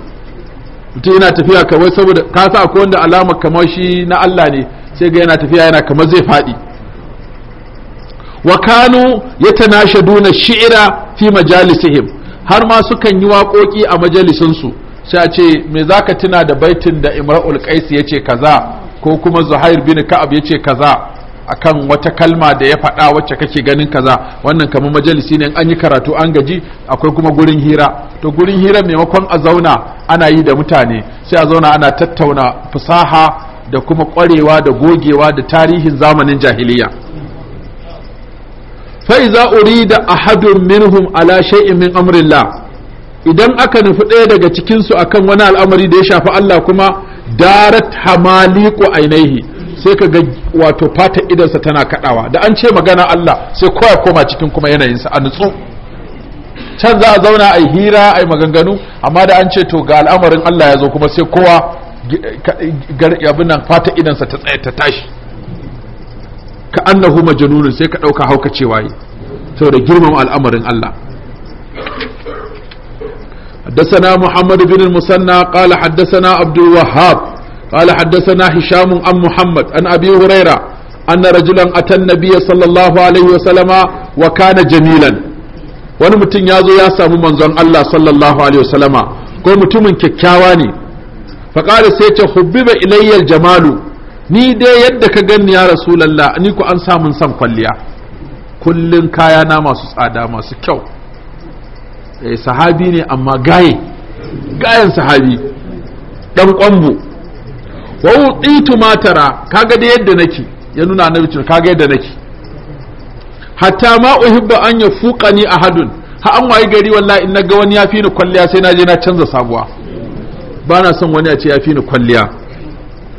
mutum yana tafiya kawai. saboda ka sa akwai wanda alama kamar shi na Allah ne sai ga yana tafiya yana kamar zai faɗi wa kanu shaduna shi'ira fi majalisihim har ma sukan yi waƙoƙi a majalisinsu sai a ce me ka tuna da baitin da Imra'ul Qais yace kaza ko kuma Zuhair bin Ka'ab yace kaza akan wata kalma da ya faɗa wacce kake ganin kaza wannan kamar majalisi ne an yi karatu an gaji akwai kuma gurin hira to gurin hira maimakon a zauna ana yi da mutane sai a zauna ana tattauna fasaha da kuma ƙwarewa da gogewa da tarihin zamanin jahiliya fa'iza urida ahadun minhum ala shay'in min amrillah idan aka nufi ɗaya daga cikinsu akan wani al'amari da ya shafi Allah kuma darat hamaliku ainihi sai ka ga wato fata idansa tana kadawa da an ce magana Allah sai kowa koma cikin kuma yanayinsa a nutsu can za a zauna a hira a maganganu amma da an ce to ga al'amarin Allah ya zo kuma sai kowa abin nan fata idansa ta tsaye ta tashi ka annahu majnunun sai ka dauka hauka cewa yi da girmama al'amarin Allah حدثنا محمد بن المسنى قال حدثنا عبد الوهاب قال حدثنا هشام عن محمد عن أبي هريرة أن رجلا أتى النبي صلى الله عليه وسلم وكان جميلا wani mutum ya zo ya samu manzon Allah sallallahu alaihi wasallama ko mutumin kyakkyawa ne faƙari sai ce hubbiba ilayyar jamalu ni dai yadda ka gani ya rasulallah ni ku an samun san kwalliya kullun kaya na masu tsada masu kyau eh sahabi ne amma gaye gayen sahabi dan kwambo wa utitu matara kaga da yadda nake ya nuna annabi cewa kaga yadda nake hatta ma uhibba an ya yafuqani ahadun ha an wayi gari wallahi in naga wani yafi ni kwalliya sai na je na canza sabuwa ba na son wani ya ce yafi ni kwalliya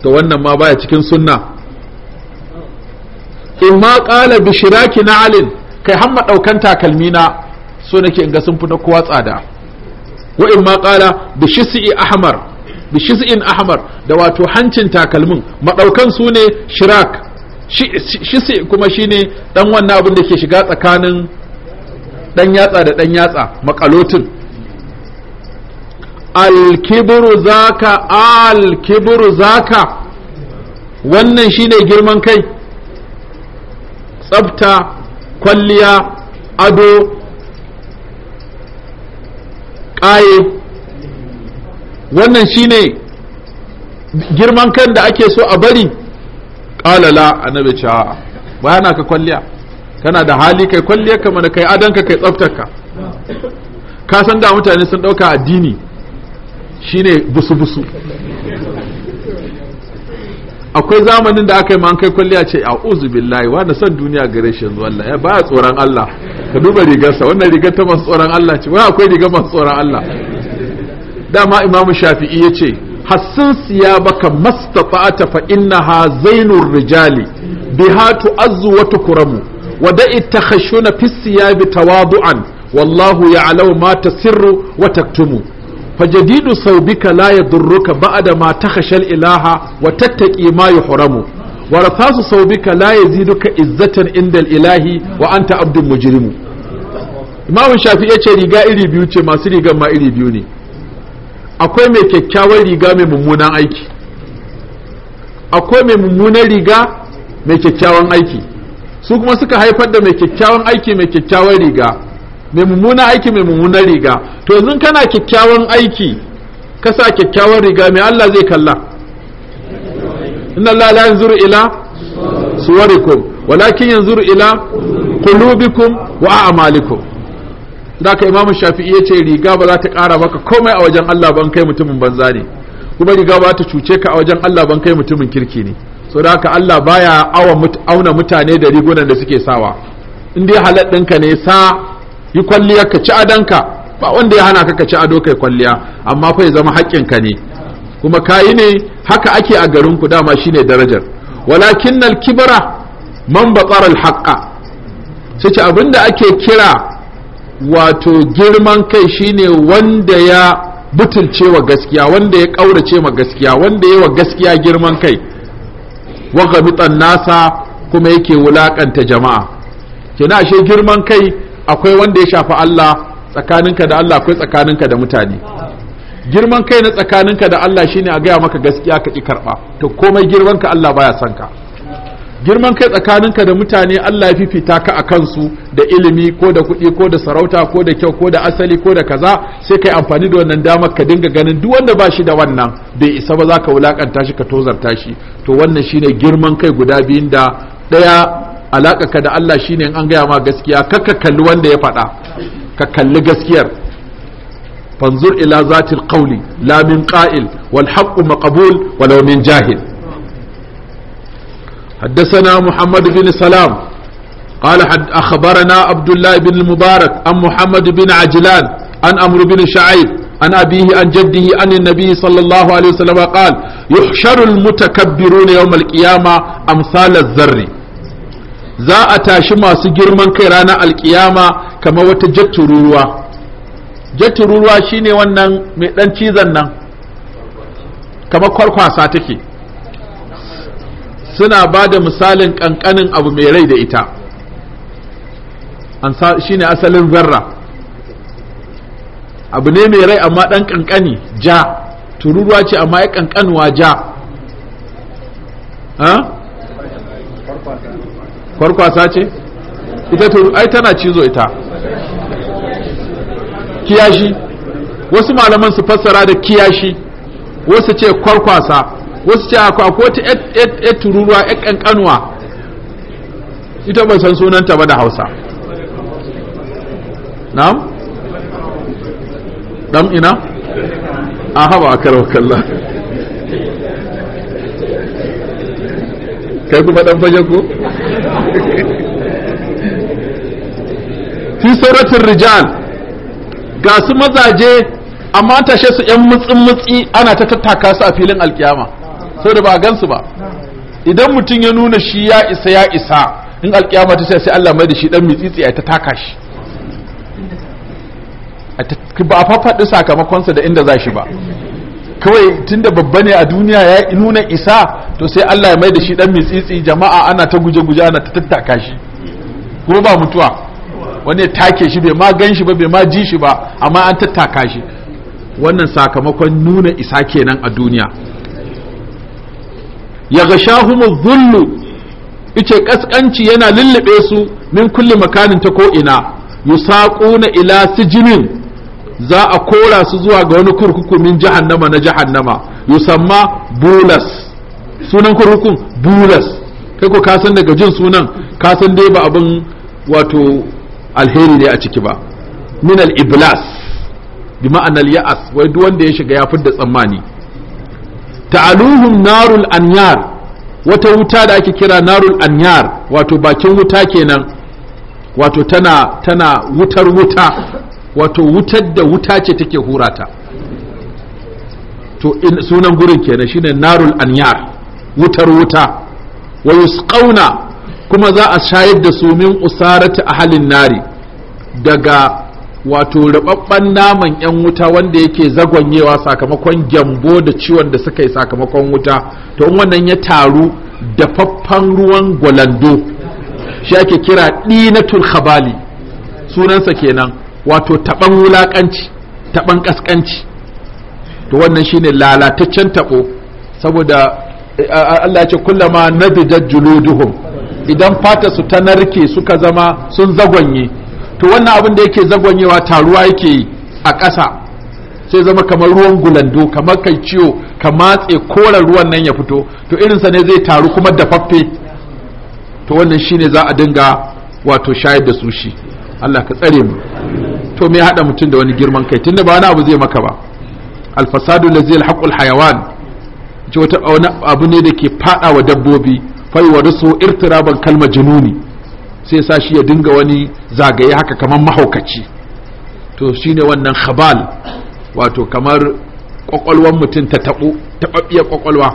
to wannan ma baya cikin sunna in ma qala bi shiraki alin kai hamma daukan takalmi na so nake in ga sun fi na kowa tsada wa in ma qala bi shisi ahmar bi shiz'in ahmar da wato hancin takalmin maɗaukan su ne shirak shisi kuma shine dan wannan abin da ke shiga tsakanin dan yatsa da dan yatsa makalotin alkibru zaka alkibru zaka wannan shine girman kai tsafta kwalliya ado ƙaye wannan shine girman kan da ake so a bari ƙalala annabi ce a'a bayana ka kwalliya kana da hali kai kwalliya ka mana kai adanka kai tsaftarka ka san da mutane sun ɗauka addini shine busu-busu akwai zamanin da aka yi man kai kwalliya ce a uzu billahi wa san duniya gare shi yanzu Allah ya baya tsoron Allah ka duba rigarsa wannan rigar ta masu tsoron Allah ce wai akwai rigar masu tsoron Allah dama imamu shafi'i ya ce hassan siya baka mastata fa inna ha zainur rijali bi hatu azu wa tukuramu wa da'i takhashuna fi siya bi tawadu'an wallahu ya ya'lamu ma tasirru wa taktumu fajadidu sawbika la yadurruka ba'da ma takhashal ilaha wa tattaqi ma yuhramu wa rafasu sawbika la duka izzatan indal ilahi wa anta abdul mujrimu imamu shafi'i ya ce riga iri biyu ce masu rigan ma iri biyu ne akwai mai kyakkyawar riga mai mummunan aiki akwai mai mummunan riga mai kyakkyawan aiki su kuma suka haifar da mai kyakkyawan aiki mai kyakkyawan riga mai mummunan aiki mai mummunan riga to yanzu kana kyakkyawan aiki ka sa kyakkyawan riga mai Allah zai kalla inna Allah la yanzuru ila suwarikum walakin yanzuru ila qulubikum wa a'malikum zaka imamu shafi'i ya ce riga ba za ta ƙara maka komai a wajen Allah ban kai mutumin banza ne kuma riga ba ta cuce ka a wajen Allah ban kai mutumin kirki ne so da haka Allah baya auna mutane da rigunan da suke sawa in dai halal ɗinka ne sa yi kwalliya ka ci adanka ba wanda ya hana ka ka ci ado kai kwalliya amma fa ya zama haƙƙinka ne kuma kayi ne haka ake a garin ku dama shine darajar walakin al kibra man batara al haqqa sai ce abinda ake kira wato girman kai shine wanda ya butulce wa gaskiya wanda ya ƙaurace ma gaskiya wanda ya wa gaskiya girman kai wa gabitan nasa kuma yake wulakanta jama'a kina ashe girman kai akwai wanda ya shafi Allah tsakaninka da Allah akwai tsakaninka da mutane girman kai na tsakaninka da Allah shine a gaya maka gaskiya ka ki karba to komai girman ka Allah baya son ka girman kai tsakaninka da mutane Allah ya fifita ka a kansu da ilimi ko da kuɗi ko da sarauta ko da kyau ko da asali ko da kaza sai kai amfani da wannan damar ka dinga ganin duk wanda ba shi da wannan bai isa ba za ka wulakanta shi ka tozarta shi to wannan shine girman kai guda biyun da ɗaya alaka ka da Allah shine in an gaya ma gaskiya ka ka kalli wanda ya faɗa ka kalli gaskiyar fanzur ila zatil qawli la min qa'il wal haqqu maqbul walau min jahil حدثنا محمد بن سلام قال حد أخبرنا عبد الله بن المبارك عن محمد بن عجلان عن أمر بن شعيب عن أبيه عن جده عن النبي صلى الله عليه وسلم قال يحشر المتكبرون يوم القيامة أمثال الذر za a tashi masu girman kai ranar alkiyama kamar wata jattururuwa jattururuwa shine wannan mai dan cizon nan kamar kwarkwasa take suna ba da misalin ƙanƙanin abu mai rai da ita shi ne asalin zarra abu ne mai rai amma ɗan ƙanƙani ja tururuwa ce amma ya ƙanƙanuwa ja kwarkwasa ce ita turu ai tana cizo ita kiyashi wasu malaman su fassara da kiyashi wasu ce kwarkwasa wasu ce akwai wata yar tururuwa yar ƙanƙanuwa ita ba san sunanta ba da hausa na'am dam ina a haba a karo kalla kai kuma dan fage ko fi suratul rijal ga su mazaje amma tashe su yan mutsin mutsi ana ta tattaka su a filin alkiyama da ba a gansu ba idan mutum ya nuna shi ya isa ya isa in alkiyama ta sai Allah mai da shi dan mitsitsi ya ta taka shi ba a fafaɗi sakamakonsa da inda za shi ba kawai tunda babba ne a duniya ya nuna isa to sai Allah ya mai da shi dan mitsitsi jama'a ana ta guje-guje ana ta tattaka shi kuma ba mutuwa wani ya take shi bai ma gan shi ba bai ma ji shi ba amma an tattaka shi wannan sakamakon nuna isa kenan a duniya ya ga dhullu ice ƙasƙanci yana lullube su min kulli makanin ta ko ina na ila sijinin za a kora su zuwa ga wani kurkuku min jahannama na jahannama yusamma bulas sunan kurkukun bulas kai ko ka san daga jin sunan ka san dai ba abin wato alheri ne a ciki ba min al iblas bi ma'anar ya'as wai duk wanda ya shiga ya fidda tsammani ta'aluhum narul anyar wata wuta da ake kira narul anyar wato bakin wuta kenan wato tana tana wutar wuta wato wutar da wuta ce take hurata to in sunan gurin kenan shine narul anyar wutar wuta wa yusqauna kuma za a shayar da su min usarat halin nari daga wato rubabban naman yan wuta wanda yake zagonyewa sakamakon gyambo da ciwon da suka yi sakamakon wuta to in wannan ya taru da ruwan gwalando shi ake kira dinatul khabali sunansa kenan wato taban wulakanci taban kaskanci to wannan shine lalataccen tabo saboda Allah ya ce kullama nabijat juluduhum idan fata su ta narke suka zama sun zagonye to wannan abin da yake zagonyewa taruwa yake a ƙasa sai zama kamar ruwan gulando kamar kai ciwo ka matse koren ruwan nan ya fito to irinsa ne zai taru kuma dafaffe to wannan shine za a dinga wato shayar da su shi Allah ka tsare mu to me haɗa mutum da wani girman kai tunda ba wani abu zai maka ba alfasadu lazi zai alhaqul hayawan ce wata abu ne da ke fada wa dabbobi fa yuwarisu irtiraban kalma jununi sai sa shi ya dinga wani zagaye haka kamar mahaukaci to shine wannan khabal wato kamar kwakwalwar mutum ta taɓo taɓaɓɓiya kwakwalwa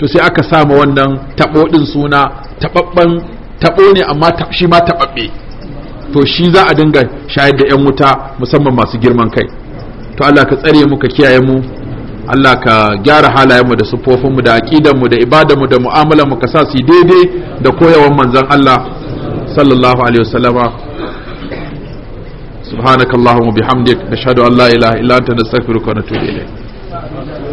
to sai aka sama wannan taɓo ɗin suna taɓaɓɓen taɓo ne amma shi ma taɓaɓɓe to shi za a dinga shayar da 'yan wuta musamman masu girman kai to Allah ka tsare mu ka kiyaye mu Allah ka gyara halayenmu da mu da aƙidanmu da ibadanmu da mu'amalanmu ka sa su daidai da koyawan manzon Allah sallallahu alaihi wasallama subhanakallahumma bihamdik nashhadu an la ilaha illa anta nastaghfiruka wa natubu ilayk